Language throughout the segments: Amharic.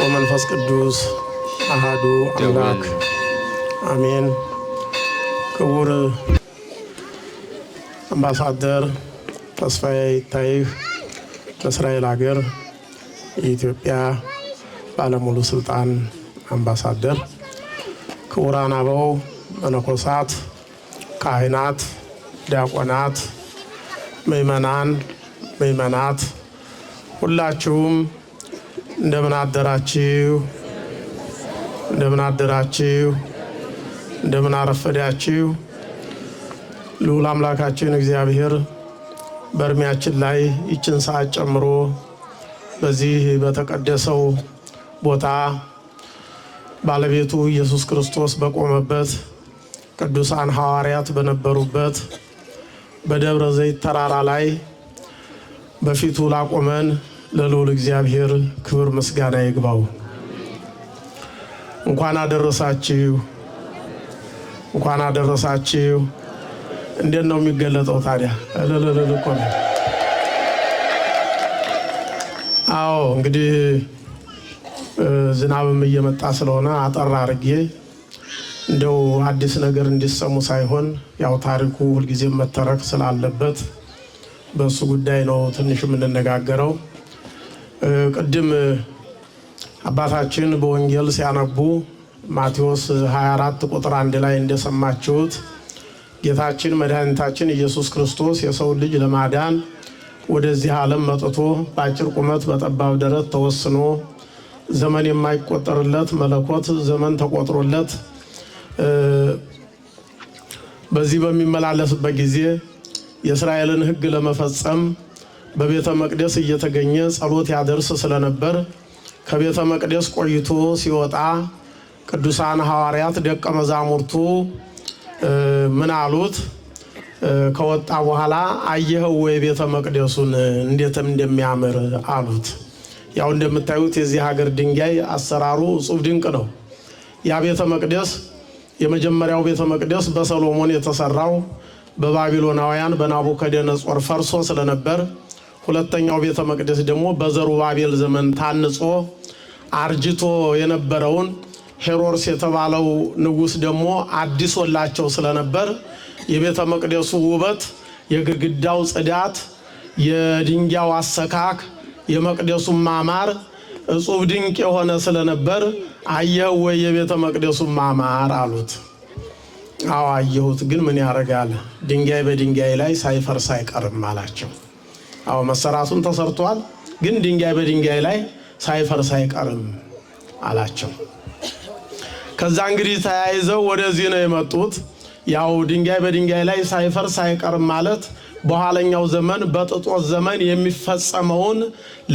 ወመንፈስ ቅዱስ አሃዱ አምላክ አሜን። ክቡር አምባሳደር ተስፋዬ ይታይህ በእስራኤል ሀገር የኢትዮጵያ ባለሙሉ ስልጣን አምባሳደር፣ ክቡራን አበው መነኮሳት፣ ካህናት፣ ዲያቆናት፣ ምዕመናን፣ ምዕመናት ሁላችሁም እንደምን አደራችሁ? እንደምን አደራችሁ? እንደምን አረፈዳችሁ? ልዑል አምላካችን እግዚአብሔር በእድሜያችን ላይ ይችን ሰዓት ጨምሮ በዚህ በተቀደሰው ቦታ ባለቤቱ ኢየሱስ ክርስቶስ በቆመበት ቅዱሳን ሐዋርያት በነበሩበት በደብረ ዘይት ተራራ ላይ በፊቱ ላቆመን ለልዑል እግዚአብሔር ክብር ምስጋና ይግባው። እንኳን አደረሳችሁ፣ እንኳን አደረሳችሁ። እንዴት ነው የሚገለጠው ታዲያ? እልልልል እኮ ነው። አዎ እንግዲህ ዝናብም እየመጣ ስለሆነ አጠር አድርጌ እንደው አዲስ ነገር እንዲሰሙ ሳይሆን ያው ታሪኩ ሁልጊዜም መተረክ ስላለበት በእሱ ጉዳይ ነው ትንሽ የምንነጋገረው። ቅድም አባታችን በወንጌል ሲያነቡ ማቴዎስ 24 ቁጥር አንድ ላይ እንደሰማችሁት ጌታችን መድኃኒታችን ኢየሱስ ክርስቶስ የሰው ልጅ ለማዳን ወደዚህ ዓለም መጥቶ በአጭር ቁመት በጠባብ ደረት ተወስኖ ዘመን የማይቆጠርለት መለኮት ዘመን ተቆጥሮለት በዚህ በሚመላለስበት ጊዜ የእስራኤልን ሕግ ለመፈጸም በቤተ መቅደስ እየተገኘ ጸሎት ያደርስ ስለነበር ከቤተ መቅደስ ቆይቶ ሲወጣ ቅዱሳን ሐዋርያት ደቀ መዛሙርቱ ምን አሉት? ከወጣ በኋላ አየኸው ወይ ቤተ መቅደሱን እንዴትም እንደሚያምር አሉት። ያው እንደምታዩት የዚህ ሀገር ድንጋይ አሰራሩ እጹብ ድንቅ ነው። ያ ቤተ መቅደስ የመጀመሪያው ቤተ መቅደስ በሰሎሞን የተሰራው በባቢሎናውያን በናቡከደነጾር ፈርሶ ስለነበር ሁለተኛው ቤተ መቅደስ ደግሞ በዘሩባቤል ዘመን ታንጾ አርጅቶ የነበረውን ሄሮድስ የተባለው ንጉሥ ደግሞ አዲሶላቸው ስለነበር የቤተ መቅደሱ ውበት፣ የግድግዳው ጽዳት፣ የድንጋዩ አሰካክ፣ የመቅደሱ ማማር እጹብ ድንቅ የሆነ ስለነበር አየህ ወይ የቤተ መቅደሱ ማማር አሉት። አዎ አየሁት፣ ግን ምን ያደርጋል ድንጋይ በድንጋይ ላይ ሳይፈርስ አይቀርም አላቸው። አዎ መሰራቱን ተሰርቷል፣ ግን ድንጋይ በድንጋይ ላይ ሳይፈርስ አይቀርም አላቸው። ከዛ እንግዲህ ተያይዘው ወደዚህ ነው የመጡት። ያው ድንጋይ በድንጋይ ላይ ሳይፈርስ አይቀርም ማለት በኋለኛው ዘመን በጥጦት ዘመን የሚፈጸመውን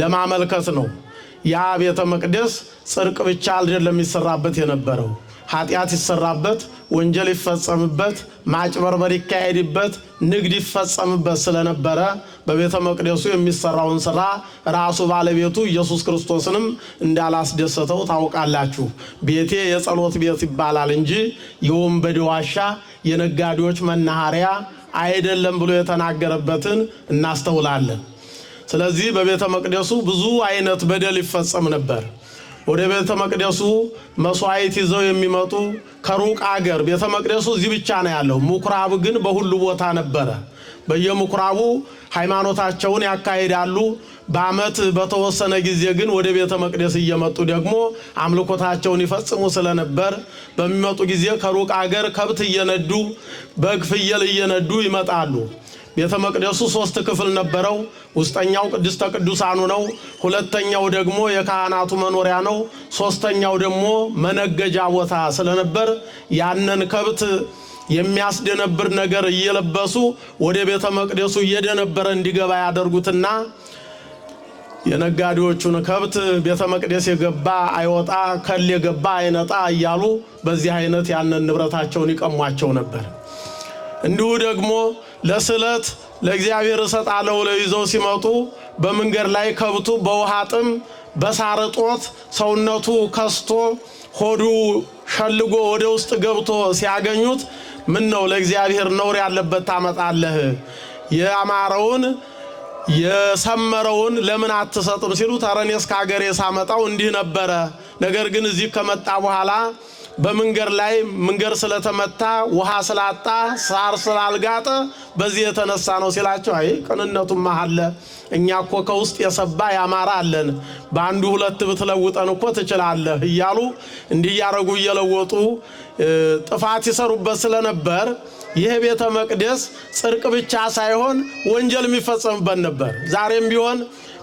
ለማመልከት ነው። ያ ቤተ መቅደስ ጽርቅ ብቻ አልደለም የሚሰራበት የነበረው ኃጢአት ይሰራበት፣ ወንጀል ይፈጸምበት፣ ማጭበርበር ይካሄድበት፣ ንግድ ይፈጸምበት ስለነበረ በቤተ መቅደሱ የሚሰራውን ስራ ራሱ ባለቤቱ ኢየሱስ ክርስቶስንም እንዳላስደሰተው ታውቃላችሁ። ቤቴ የጸሎት ቤት ይባላል እንጂ የወንበዴ ዋሻ፣ የነጋዴዎች መናኸሪያ አይደለም ብሎ የተናገረበትን እናስተውላለን። ስለዚህ በቤተ መቅደሱ ብዙ አይነት በደል ይፈጸም ነበር። ወደ ቤተ መቅደሱ መስዋዕት ይዘው የሚመጡ ከሩቅ አገር ቤተ መቅደሱ እዚህ ብቻ ነው ያለው። ምኩራብ ግን በሁሉ ቦታ ነበረ። በየምኩራቡ ሃይማኖታቸውን ያካሂዳሉ። በዓመት በተወሰነ ጊዜ ግን ወደ ቤተ መቅደስ እየመጡ ደግሞ አምልኮታቸውን ይፈጽሙ ስለነበር በሚመጡ ጊዜ ከሩቅ አገር ከብት እየነዱ በግ፣ ፍየል እየነዱ ይመጣሉ። ቤተ መቅደሱ ሶስት ክፍል ነበረው። ውስጠኛው ቅድስተ ቅዱሳኑ ነው። ሁለተኛው ደግሞ የካህናቱ መኖሪያ ነው። ሶስተኛው ደግሞ መነገጃ ቦታ ስለነበር ያንን ከብት የሚያስደነብር ነገር እየለበሱ ወደ ቤተ መቅደሱ እየደነበረ እንዲገባ ያደርጉትና የነጋዴዎቹን ከብት ቤተ መቅደስ የገባ አይወጣ፣ ከል የገባ አይነጣ እያሉ በዚህ አይነት ያንን ንብረታቸውን ይቀሟቸው ነበር። እንዲሁ ደግሞ ለስዕለት ለእግዚአብሔር እሰጣለሁ ብለው ይዘው ሲመጡ በመንገድ ላይ ከብቱ በውሃ ጥም በሳር እጦት ሰውነቱ ከስቶ ሆዱ ሸልጎ ወደ ውስጥ ገብቶ ሲያገኙት ምን ነው ለእግዚአብሔር ነውር ያለበት ታመጣለህ? የአማረውን የሰመረውን ለምን አትሰጥም? ሲሉ ተረኔ እስከ ሳመጣው እንዲህ ነበረ። ነገር ግን እዚህ ከመጣ በኋላ በመንገድ ላይ መንገድ ስለተመታ ውሃ ስላጣ ሳር ስላልጋጠ በዚህ የተነሳ ነው ሲላቸው፣ አይ ቅንነቱማ አለ። እኛ እኮ ከውስጥ የሰባ ያማረ አለን። በአንዱ ሁለት ብትለውጠን እኮ ትችላለህ እያሉ እንዲህ እያረጉ እየለወጡ ጥፋት ይሰሩበት ስለነበር ይህ ቤተ መቅደስ ጽድቅ ብቻ ሳይሆን ወንጀል የሚፈጸምበት ነበር። ዛሬም ቢሆን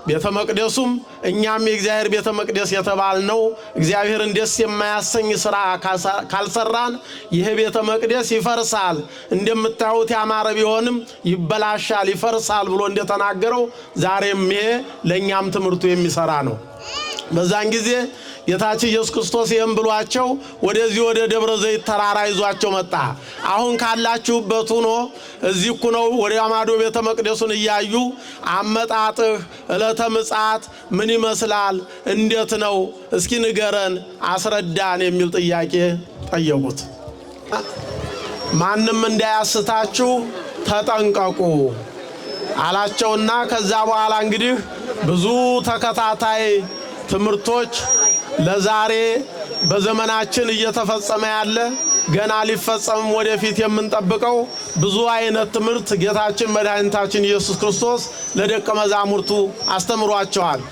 ቤተ መቅደሱም እኛም የእግዚአብሔር ቤተ መቅደስ የተባልነው እግዚአብሔርን ደስ የማያሰኝ ስራ ካልሰራን ይሄ ቤተ መቅደስ ይፈርሳል፣ እንደምታዩት ያማረ ቢሆንም ይበላሻል፣ ይፈርሳል ብሎ እንደተናገረው ዛሬም ይሄ ለእኛም ትምህርቱ የሚሰራ ነው። በዛን ጊዜ የታች ኢየሱስ ክርስቶስ ይህም ብሏቸው ወደዚህ ወደ ደብረ ዘይት ተራራ ይዟቸው መጣ። አሁን ካላችሁበት ሆኖ እዚህ ኩነው ወደ አማዶ ቤተ መቅደሱን እያዩ አመጣጥህ ዕለተ ምጽአት ምን ይመስላል? እንዴት ነው? እስኪ ንገረን፣ አስረዳን የሚል ጥያቄ ጠየቁት። ማንም እንዳያስታችሁ ተጠንቀቁ አላቸውና ከዛ በኋላ እንግዲህ ብዙ ተከታታይ ትምህርቶች ለዛሬ በዘመናችን እየተፈጸመ ያለ ገና ሊፈጸምም ወደፊት የምንጠብቀው ብዙ አይነት ትምህርት ጌታችን መድኃኒታችን ኢየሱስ ክርስቶስ ለደቀ መዛሙርቱ አስተምሯቸዋል።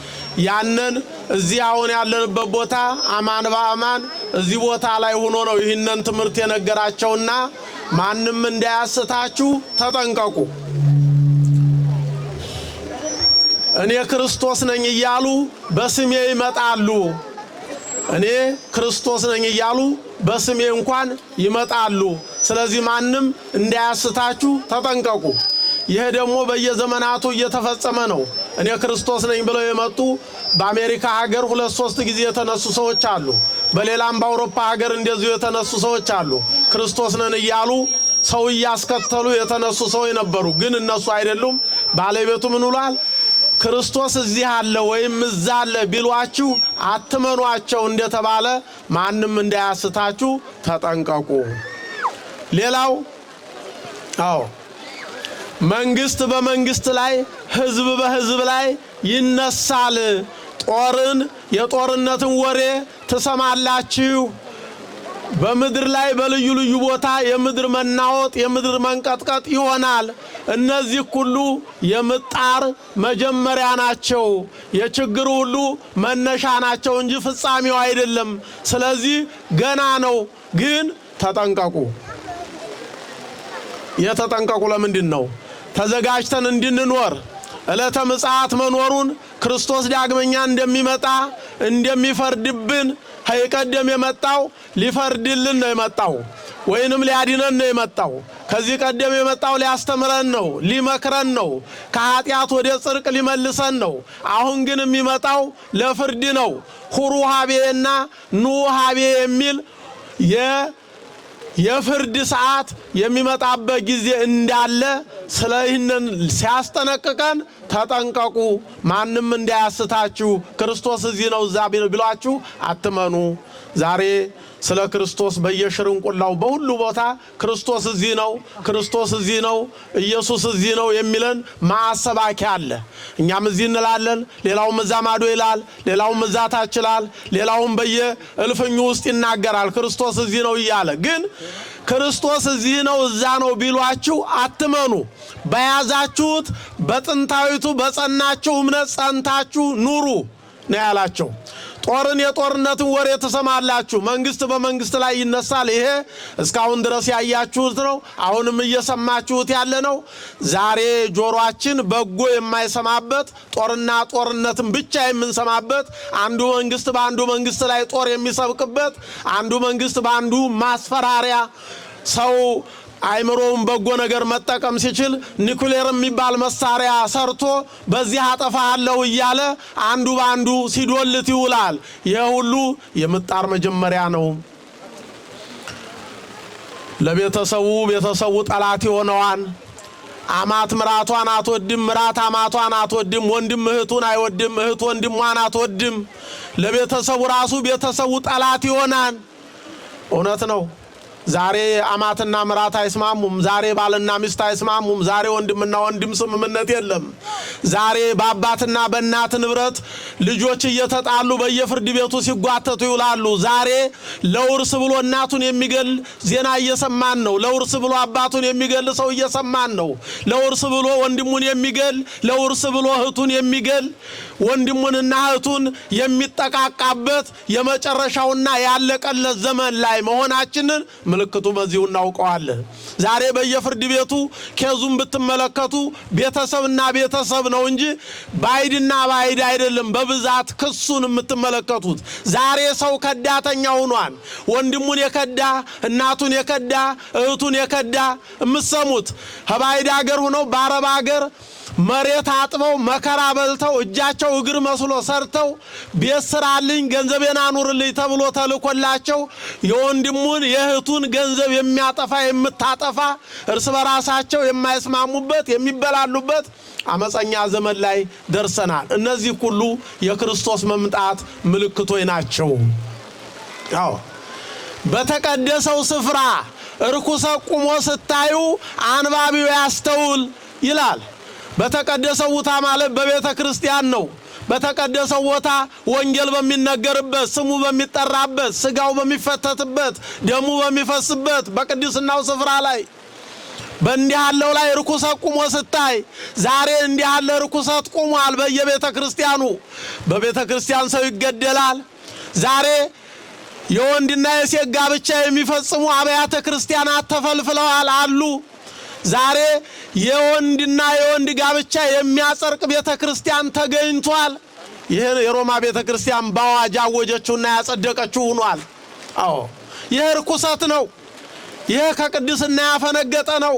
ያንን እዚህ አሁን ያለንበት ቦታ አማን በአማን እዚህ ቦታ ላይ ሆኖ ነው ይህንን ትምህርት የነገራቸውና ማንም እንዳያስታችሁ ተጠንቀቁ፣ እኔ ክርስቶስ ነኝ እያሉ በስሜ ይመጣሉ እኔ ክርስቶስ ነኝ እያሉ በስሜ እንኳን ይመጣሉ። ስለዚህ ማንም እንዳያስታችሁ ተጠንቀቁ። ይሄ ደግሞ በየዘመናቱ እየተፈጸመ ነው። እኔ ክርስቶስ ነኝ ብለው የመጡ በአሜሪካ ሀገር ሁለት ሶስት ጊዜ የተነሱ ሰዎች አሉ። በሌላም በአውሮፓ ሀገር እንደዚሁ የተነሱ ሰዎች አሉ። ክርስቶስ ነን እያሉ ሰው እያስከተሉ የተነሱ ሰዎች ነበሩ። ግን እነሱ አይደሉም። ባለቤቱ ምን ውሏል? ክርስቶስ እዚህ አለ ወይም እዛ አለ ቢሏችሁ አትመኗቸው እንደተባለ ማንም እንዳያስታችሁ ተጠንቀቁ። ሌላው አዎ መንግስት በመንግስት ላይ ህዝብ በህዝብ ላይ ይነሳል። ጦርን የጦርነትን ወሬ ትሰማላችሁ። በምድር ላይ በልዩ ልዩ ቦታ የምድር መናወጥ የምድር መንቀጥቀጥ ይሆናል። እነዚህ ሁሉ የምጣር መጀመሪያ ናቸው። የችግር ሁሉ መነሻ ናቸው እንጂ ፍጻሜው አይደለም። ስለዚህ ገና ነው። ግን ተጠንቀቁ። የተጠንቀቁ ለምንድን ነው? ተዘጋጅተን እንድንኖር ዕለተ ምጽአት መኖሩን ክርስቶስ ዳግመኛ እንደሚመጣ እንደሚፈርድብን ከይቀደም የመጣው ሊፈርድልን ነው የመጣው ወይንም ሊያድነን ነው የመጣው። ከዚህ ቀደም የመጣው ሊያስተምረን ነው፣ ሊመክረን ነው፣ ከኃጢአት ወደ ጽርቅ ሊመልሰን ነው። አሁን ግን የሚመጣው ለፍርድ ነው። ሁሩ ሀቤና ኑ ሀቤ የሚል የፍርድ ሰዓት የሚመጣበት ጊዜ እንዳለ ስለ ይህንን ሲያስጠነቅቀን ተጠንቀቁ፣ ማንም እንዳያስታችሁ፣ ክርስቶስ እዚህ ነው እዛ ቢሏችሁ አትመኑ። ዛሬ ስለ ክርስቶስ በየሽርንቁላው በሁሉ ቦታ ክርስቶስ እዚህ ነው፣ ክርስቶስ እዚህ ነው፣ ኢየሱስ እዚህ ነው የሚለን ማሰባኪ አለ። እኛም እዚህ እንላለን፣ ሌላውም እዛ ማዶ ይላል፣ ሌላውም እዛ ታች ይላል፣ ሌላውም በየእልፍኙ ውስጥ ይናገራል ክርስቶስ እዚህ ነው እያለ ግን ክርስቶስ እዚህ ነው እዛ ነው ቢሏችሁ አትመኑ። በያዛችሁት በጥንታዊቱ በጸናችሁ እምነት ጸንታችሁ ኑሩ ነው ያላቸው። ጦርን የጦርነትን ወሬ ትሰማላችሁ። መንግስት በመንግስት ላይ ይነሳል። ይሄ እስካሁን ድረስ ያያችሁት ነው። አሁንም እየሰማችሁት ያለ ነው። ዛሬ ጆሮአችን በጎ የማይሰማበት ጦርና ጦርነትን ብቻ የምንሰማበት፣ አንዱ መንግስት በአንዱ መንግስት ላይ ጦር የሚሰብቅበት፣ አንዱ መንግስት በአንዱ ማስፈራሪያ ሰው አይምሮውን በጎ ነገር መጠቀም ሲችል ኒኩሌር የሚባል መሳሪያ ሰርቶ በዚህ አጠፋሃለሁ እያለ አንዱ በአንዱ ሲዶልት ይውላል። ይህ ሁሉ የምጣር መጀመሪያ ነው። ለቤተሰቡ ቤተሰቡ ጠላት የሆነዋን አማት ምራቷን አትወድም፣ ምራት አማቷን አትወድም፣ ወንድም እህቱን አይወድም፣ እህት ወንድሟን አትወድም። ለቤተሰቡ ራሱ ቤተሰቡ ጠላት ይሆናል። እውነት ነው። ዛሬ አማትና ምራት አይስማሙም። ዛሬ ባልና ሚስት አይስማሙም። ዛሬ ወንድምና ወንድም ስምምነት የለም። ዛሬ በአባትና በእናት ንብረት ልጆች እየተጣሉ በየፍርድ ቤቱ ሲጓተቱ ይውላሉ። ዛሬ ለውርስ ብሎ እናቱን የሚገል ዜና እየሰማን ነው። ለውርስ ብሎ አባቱን የሚገል ሰው እየሰማን ነው። ለውርስ ብሎ ወንድሙን የሚገል፣ ለውርስ ብሎ እህቱን የሚገል ወንድሙንና እህቱን የሚጠቃቃበት የመጨረሻውና ያለቀለት ዘመን ላይ መሆናችንን ምልክቱ በዚሁ እናውቀዋለን። ዛሬ በየፍርድ ቤቱ ኬዙን ብትመለከቱ ቤተሰብና ቤተሰብ ነው እንጂ ባይድና ባይድ አይደለም። በብዛት ክሱን የምትመለከቱት ዛሬ ሰው ከዳተኛ ሆኗል። ወንድሙን የከዳ እናቱን የከዳ እህቱን የከዳ የምትሰሙት ከባይድ አገር ሆነው በአረብ አገር መሬት አጥበው መከራ በልተው እጃቸው እግር መስሎ ሰርተው ቤት ስራልኝ ገንዘቤን አኑርልኝ ተብሎ ተልኮላቸው የወንድሙን የእህቱን ገንዘብ የሚያጠፋ የምታጠፋ እርስ በራሳቸው የማይስማሙበት የሚበላሉበት አመፀኛ ዘመን ላይ ደርሰናል። እነዚህ ሁሉ የክርስቶስ መምጣት ምልክቶች ናቸው። አዎ በተቀደሰው ስፍራ እርኩሰ ቁሞ ስታዩ አንባቢው ያስተውል ይላል። በተቀደሰው ቦታ ማለት በቤተ ክርስቲያን ነው። በተቀደሰው ቦታ ወንጌል በሚነገርበት ስሙ በሚጠራበት ስጋው በሚፈተትበት ደሙ በሚፈስበት በቅድስናው ስፍራ ላይ በእንዲህ ያለው ላይ ርኩሰት ቁሞ ስታይ ዛሬ እንዲህ ያለ ርኩሰት ቁሟል። በየቤተ ክርስቲያኑ በቤተ ክርስቲያን ሰው ይገደላል። ዛሬ የወንድና የሴት ጋብቻ የሚፈጽሙ አብያተ ክርስቲያናት ተፈልፍለዋል አሉ። ዛሬ የወንድና የወንድ ጋብቻ የሚያጸርቅ ቤተ ክርስቲያን ተገኝቷል። ይህን የሮማ ቤተ ክርስቲያን በአዋጅ አወጀችውና ያጸደቀችው ሆኗል። አዎ ይህ ርኩሰት ነው። ይህ ከቅድስና ያፈነገጠ ነው።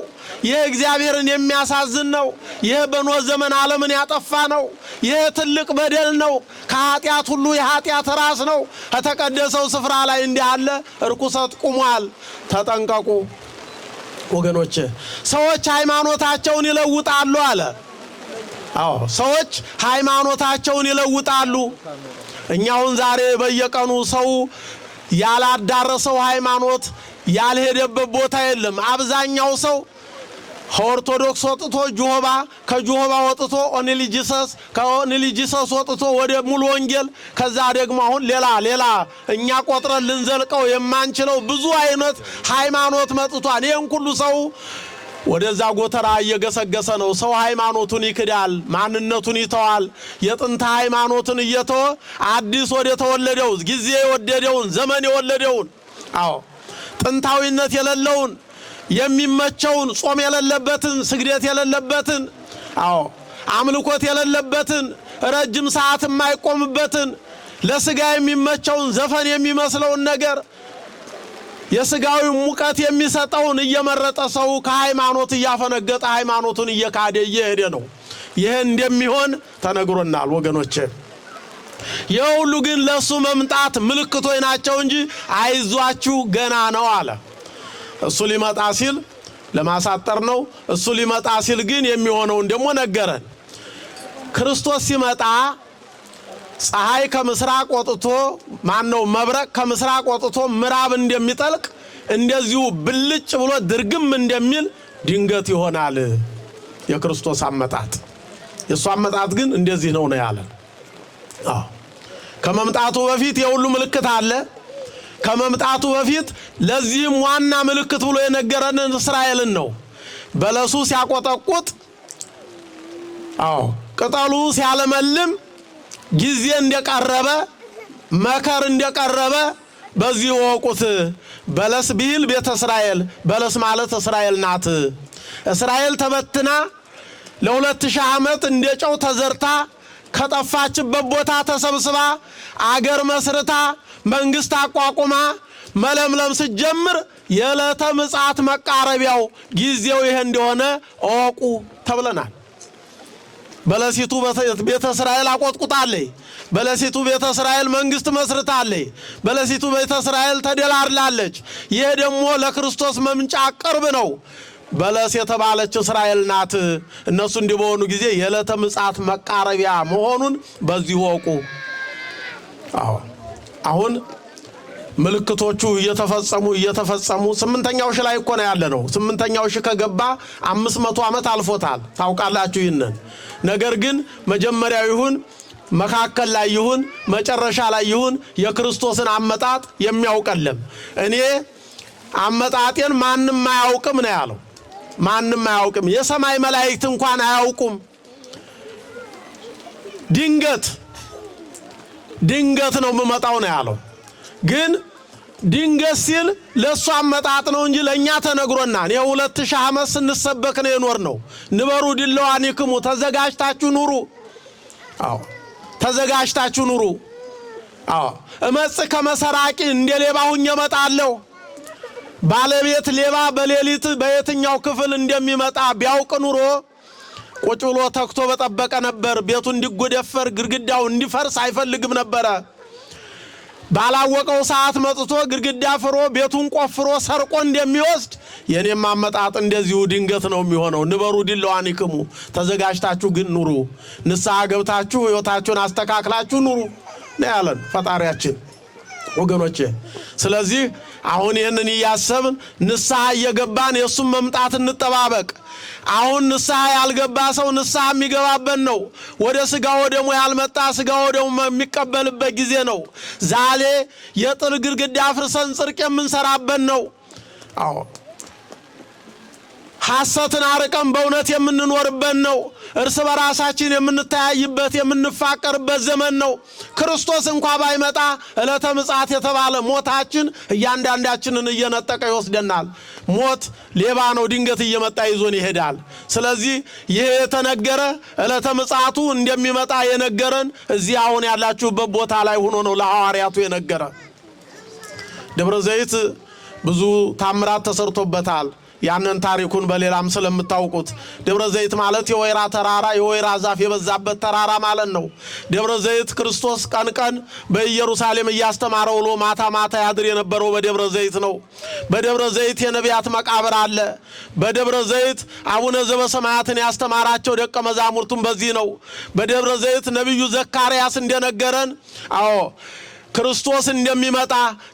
ይህ እግዚአብሔርን የሚያሳዝን ነው። ይህ በኖ ዘመን ዓለምን ያጠፋ ነው። ይህ ትልቅ በደል ነው። ከኃጢአት ሁሉ የኃጢአት ራስ ነው። ከተቀደሰው ስፍራ ላይ እንዲህ ያለ ርኩሰት ቁሟል። ተጠንቀቁ። ወገኖች ሰዎች ሃይማኖታቸውን ይለውጣሉ አለ። አዎ ሰዎች ሃይማኖታቸውን ይለውጣሉ። እኛውን ዛሬ በየቀኑ ሰው ያላዳረሰው ሃይማኖት ያልሄደበት ቦታ የለም። አብዛኛው ሰው ከኦርቶዶክስ ወጥቶ ጆሆባ ከጆሆባ ወጥቶ ኦንሊ ጂሰስ ከኦንሊ ጂሰስ ወጥቶ ወደ ሙሉ ወንጌል ከዛ ደግሞ አሁን ሌላ ሌላ እኛ ቆጥረን ልንዘልቀው የማንችለው ብዙ አይነት ሃይማኖት መጥቷል። ይህን ሁሉ ሰው ወደዛ ጎተራ እየገሰገሰ ነው። ሰው ሃይማኖቱን ይክዳል፣ ማንነቱን ይተዋል። የጥንት ሃይማኖትን እየተ አዲስ ወደ ተወለደው ጊዜ የወደደውን ዘመን የወለደውን አዎ ጥንታዊነት የሌለውን የሚመቸውን ጾም የሌለበትን ስግደት የሌለበትን አዎ አምልኮት የሌለበትን ረጅም ሰዓት የማይቆምበትን ለስጋ የሚመቸውን ዘፈን የሚመስለውን ነገር የስጋዊ ሙቀት የሚሰጠውን እየመረጠ ሰው ከሃይማኖት እያፈነገጠ ሃይማኖቱን እየካደ እየሄደ ነው። ይህ እንደሚሆን ተነግሮናል ወገኖቼ። ይህ ሁሉ ግን ለእሱ መምጣት ምልክቶች ናቸው እንጂ አይዟችሁ ገና ነው አለ። እሱ ሊመጣ ሲል ለማሳጠር ነው። እሱ ሊመጣ ሲል ግን የሚሆነውን ደግሞ ነገረን። ክርስቶስ ሲመጣ ፀሐይ ከምስራቅ ወጥቶ ማን ነው መብረቅ ከምስራቅ ወጥቶ ምዕራብ እንደሚጠልቅ እንደዚሁ ብልጭ ብሎ ድርግም እንደሚል ድንገት ይሆናል የክርስቶስ አመጣጥ። የእሱ አመጣጥ ግን እንደዚህ ነው ነው ያለን። ከመምጣቱ በፊት የሁሉ ምልክት አለ። ከመምጣቱ በፊት ለዚህም ዋና ምልክት ብሎ የነገረንን እስራኤልን ነው። በለሱ ሲያቆጠቁጥ፣ አዎ ቅጠሉ ሲያለመልም ጊዜ እንደቀረበ መከር እንደቀረበ በዚህ ወቁት። በለስ ቢል ቤተ እስራኤል፣ በለስ ማለት እስራኤል ናት። እስራኤል ተበትና ለሁለት ሺህ ዓመት እንደ ጨው ተዘርታ ከጠፋችበት ቦታ ተሰብስባ አገር መስርታ መንግስት አቋቁማ መለምለም ስትጀምር የዕለተ ምጽአት መቃረቢያው ጊዜው ይሄ እንደሆነ እወቁ ተብለናል። በለሲቱ ቤተ እስራኤል አቆጥቁጣለይ፣ በለሲቱ ቤተ እስራኤል መንግስት መስርታለይ፣ በለሲቱ ቤተ እስራኤል ተደላድላለች። ይህ ደግሞ ለክርስቶስ መምጫ ቅርብ ነው። በለስ የተባለች እስራኤል ናት። እነሱ እንዲህ በሆኑ ጊዜ የዕለተ ምጽአት መቃረቢያ መሆኑን በዚህ ወቁ። አዎ አሁን ምልክቶቹ እየተፈጸሙ እየተፈጸሙ ስምንተኛው ሺ ላይ እኮ ነው ያለ ነው። ስምንተኛው ሺ ከገባ አምስት መቶ ዓመት አልፎታል። ታውቃላችሁ ይህንን ነገር ግን መጀመሪያው ይሁን መካከል ላይ ይሁን መጨረሻ ላይ ይሁን የክርስቶስን አመጣጥ የሚያውቀለም እኔ አመጣጤን ማንም አያውቅም ነው ያለው። ማንም አያውቅም፣ የሰማይ መላእክት እንኳን አያውቁም። ድንገት ድንገት ነው የምመጣው ነው ያለው። ግን ድንገት ሲል ለእሱ አመጣጥ ነው እንጂ ለእኛ ተነግሮና ተነግሮናል። ሁለት ሺህ ዓመት ስንሰበክ ነው የኖር ነው። ንበሩ ድለዋኒክሙ ተዘጋጅታችሁ ኑሩ። አዎ ተዘጋጅታችሁ ኑሩ። አዎ እመጽ ከመሰራቂ እንደ ሌባ ሁኜ እመጣለሁ። ባለቤት ሌባ በሌሊት በየትኛው ክፍል እንደሚመጣ ቢያውቅ ኑሮ ቁጭ ብሎ ተክቶ በጠበቀ ነበር። ቤቱ እንዲጎደፈር ግድግዳው እንዲፈርስ አይፈልግም ነበረ። ባላወቀው ሰዓት መጥቶ ግድግዳ ፍሮ ቤቱን ቆፍሮ ሰርቆ እንደሚወስድ የእኔም አመጣጥ እንደዚሁ ድንገት ነው የሚሆነው። ንበሩ ዲለዋኒክሙ ተዘጋጅታችሁ ግን ኑሩ፣ ንስሐ ገብታችሁ ሕይወታችሁን አስተካክላችሁ ኑሩ ነው ያለን ፈጣሪያችን ወገኖቼ። ስለዚህ አሁን ይህንን እያሰብን ንስሐ እየገባን የእሱም መምጣት እንጠባበቅ። አሁን ንስሐ ያልገባ ሰው ንስሐ የሚገባበት ነው። ወደ ስጋ ደሞ ያልመጣ ስጋ ደሞ የሚቀበልበት ጊዜ ነው። ዛሬ የጥል ግድግዳ አፍርሰን ጽርቅ የምንሰራበት ነው። አዎ ሐሰትን አርቀን በእውነት የምንኖርበት ነው። እርስ በራሳችን የምንተያይበት የምንፋቀርበት ዘመን ነው። ክርስቶስ እንኳ ባይመጣ ዕለተ ምጽአት የተባለ ሞታችን እያንዳንዳችንን እየነጠቀ ይወስደናል። ሞት ሌባ ነው፣ ድንገት እየመጣ ይዞን ይሄዳል። ስለዚህ ይህ የተነገረ ዕለተ ምጽአቱ እንደሚመጣ የነገረን እዚህ አሁን ያላችሁበት ቦታ ላይ ሆኖ ነው ለሐዋርያቱ የነገረ። ደብረ ዘይት ብዙ ታምራት ተሰርቶበታል። ያንን ታሪኩን በሌላም ስለምታውቁት ደብረ ዘይት ማለት የወይራ ተራራ የወይራ ዛፍ የበዛበት ተራራ ማለት ነው። ደብረ ዘይት ክርስቶስ ቀን ቀን በኢየሩሳሌም እያስተማረ ውሎ ማታ ማታ ያድር የነበረው በደብረ ዘይት ነው። በደብረ ዘይት የነቢያት መቃብር አለ። በደብረ ዘይት አቡነ ዘበሰማያትን ያስተማራቸው ደቀ መዛሙርቱን በዚህ ነው። በደብረ ዘይት ነቢዩ ዘካርያስ እንደነገረን አዎ ክርስቶስ እንደሚመጣ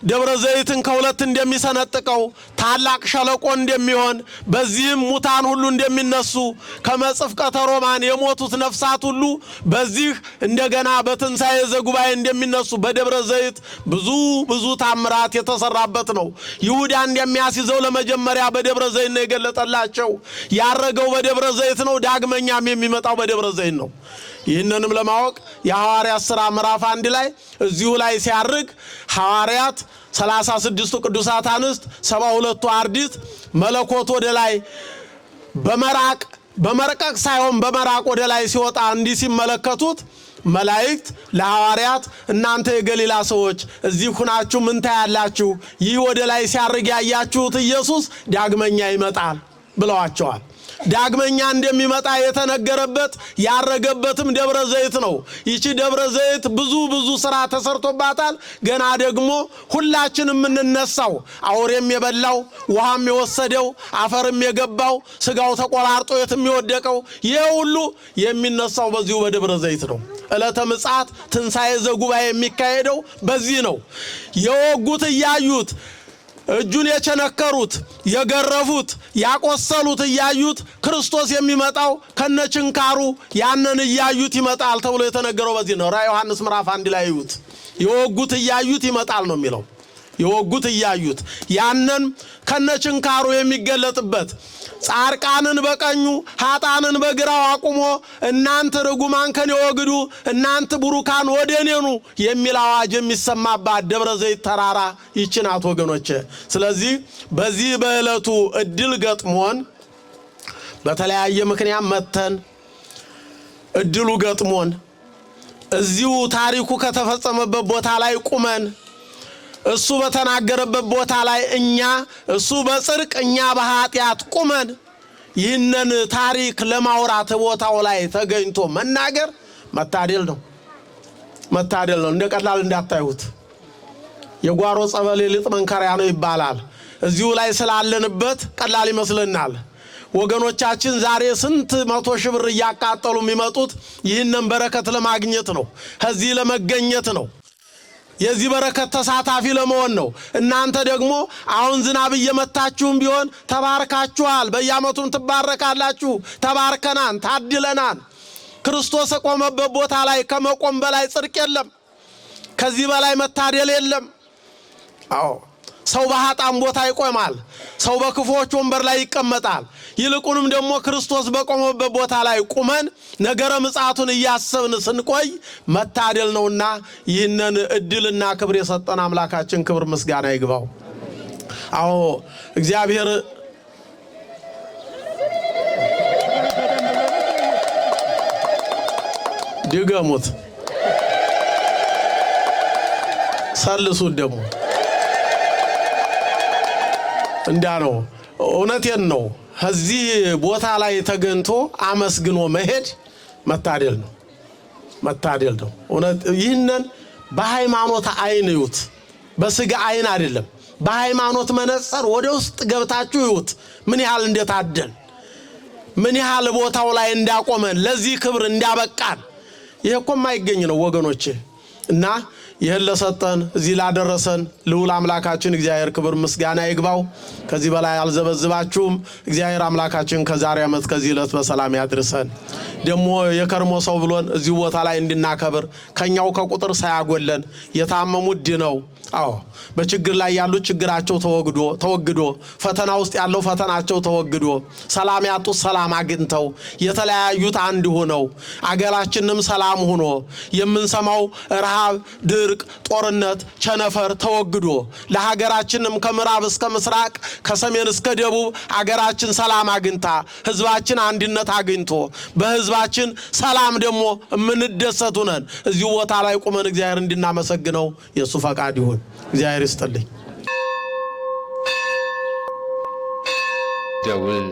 ደብረ ዘይትን ከሁለት እንደሚሰነጥቀው ታላቅ ሸለቆ እንደሚሆን በዚህም ሙታን ሁሉ እንደሚነሱ ከመጽፍ ቀተሮማን የሞቱት ነፍሳት ሁሉ በዚህ እንደገና በትንሣኤ ዘጉባኤ እንደሚነሱ በደብረ ዘይት ብዙ ብዙ ታምራት የተሰራበት ነው። ይሁዳ እንደሚያስይዘው ለመጀመሪያ በደብረ ዘይት ነው የገለጠላቸው። ያረገው በደብረ ዘይት ነው። ዳግመኛም የሚመጣው በደብረ ዘይት ነው። ይህንንም ለማወቅ የሐዋርያት ሥራ ምዕራፍ አንድ ላይ እዚሁ ላይ ሲያርግ ሐዋርያት ሰላሳ ስድስቱ ቅዱሳት አንስት ሰባ ሁለቱ አርዲት መለኮት ወደ ላይ በመራቅ በመርቀቅ ሳይሆን በመራቅ ወደ ላይ ሲወጣ እንዲህ ሲመለከቱት መላእክት ለሐዋርያት እናንተ የገሊላ ሰዎች እዚህ ሁናችሁ ምን ታያላችሁ? ይህ ወደ ላይ ሲያርግ ያያችሁት ኢየሱስ ዳግመኛ ይመጣል ብለዋቸዋል። ዳግመኛ እንደሚመጣ የተነገረበት ያረገበትም ደብረ ዘይት ነው። ይቺ ደብረ ዘይት ብዙ ብዙ ስራ ተሰርቶባታል። ገና ደግሞ ሁላችን የምንነሳው አውሬም የበላው ውሃም የወሰደው አፈርም የገባው ስጋው ተቆራርጦ የትም የወደቀው ይህ ሁሉ የሚነሳው በዚሁ በደብረ ዘይት ነው። ዕለተ ምጽአት ትንሣኤ ዘጉባኤ የሚካሄደው በዚህ ነው። የወጉት እያዩት እጁን የቸነከሩት፣ የገረፉት፣ ያቆሰሉት እያዩት ክርስቶስ የሚመጣው ከነችንካሩ ያንን እያዩት ይመጣል ተብሎ የተነገረው በዚህ ነው። ራ ዮሐንስ ምዕራፍ አንድ ላይ እዩት። የወጉት እያዩት ይመጣል ነው የሚለው የወጉት እያዩት ያንን ከነችንካሩ የሚገለጥበት ጻርቃንን በቀኙ ሀጣንን በግራው አቁሞ እናንተ ርጉማን ከኔ ወግዱ፣ እናንተ ቡሩካን ወደ እኔ የሚል አዋጅ የሚሰማባት ደብረ ዘይት ተራራ ይቺ ናት ወገኖች ስለዚህ በዚህ በዕለቱ እድል ገጥሞን በተለያየ ምክንያት መተን እድሉ ገጥሞን እዚሁ ታሪኩ ከተፈጸመበት ቦታ ላይ ቁመን እሱ በተናገረበት ቦታ ላይ እኛ እሱ በጽድቅ እኛ በኃጢአት ቁመን ይህንን ታሪክ ለማውራት ቦታው ላይ ተገኝቶ መናገር መታደል ነው። መታደል ነው። እንደ ቀላል እንዳታዩት። የጓሮ ጸበል ሊጥ መንከሪያ ነው ይባላል። እዚሁ ላይ ስላለንበት ቀላል ይመስልናል። ወገኖቻችን ዛሬ ስንት መቶ ሺህ ብር እያቃጠሉ የሚመጡት ይህንን በረከት ለማግኘት ነው። ከዚህ ለመገኘት ነው። የዚህ በረከት ተሳታፊ ለመሆን ነው። እናንተ ደግሞ አሁን ዝናብ እየመታችሁም ቢሆን ተባርካችኋል። በየዓመቱም ትባረካላችሁ። ተባርከናን፣ ታድለናን። ክርስቶስ የቆመበት ቦታ ላይ ከመቆም በላይ ጽድቅ የለም። ከዚህ በላይ መታደል የለም። አዎ ሰው በሀጣም ቦታ ይቆማል። ሰው በክፉዎች ወንበር ላይ ይቀመጣል። ይልቁንም ደግሞ ክርስቶስ በቆመበት ቦታ ላይ ቁመን ነገረ ምጽአቱን እያሰብን ስንቆይ መታደል ነውና ይህንን እድልና ክብር የሰጠን አምላካችን ክብር ምስጋና ይግባው። አዎ እግዚአብሔር ድገሙት፣ ሰልሱት ደግሞ እንዲያ ነው። እውነቴን ነው። እዚህ ቦታ ላይ ተገኝቶ አመስግኖ መሄድ መታደል ነው፣ መታደል ነው። ይህንን በሃይማኖት አይን እዩት፣ በስጋ አይን አይደለም። በሃይማኖት መነጽር ወደ ውስጥ ገብታችሁ እዩት። ምን ያህል እንደታደል፣ ምን ያህል ቦታው ላይ እንዳቆመን፣ ለዚህ ክብር እንዳበቃን። ይሄ እኮ የማይገኝ ነው ወገኖቼ እና ይህን ለሰጠን እዚህ ላደረሰን ልዑል አምላካችን እግዚአብሔር ክብር ምስጋና ይግባው። ከዚህ በላይ አልዘበዝባችሁም። እግዚአብሔር አምላካችን ከዛሬ ዓመት ከዚህ ዕለት በሰላም ያድርሰን። ደግሞ የከርሞ ሰው ብሎን እዚህ ቦታ ላይ እንድናከብር ከእኛው ከቁጥር ሳያጎለን የታመሙት ድነው አዎ በችግር ላይ ያሉት ችግራቸው ተወግዶ ተወግዶ ፈተና ውስጥ ያለው ፈተናቸው ተወግዶ ሰላም ያጡት ሰላም አግኝተው የተለያዩት አንድ ሆነው አገራችንም ሰላም ሆኖ የምንሰማው ረሃብ ድር ድርቅ፣ ጦርነት፣ ቸነፈር ተወግዶ ለሀገራችንም ከምዕራብ እስከ ምስራቅ ከሰሜን እስከ ደቡብ አገራችን ሰላም አግኝታ ህዝባችን አንድነት አግኝቶ በህዝባችን ሰላም ደግሞ የምንደሰቱ ነን። እዚሁ ቦታ ላይ ቁመን እግዚአብሔር እንድናመሰግነው የእሱ ፈቃድ ይሁን። እግዚአብሔር ይስጥልኝ። ደውል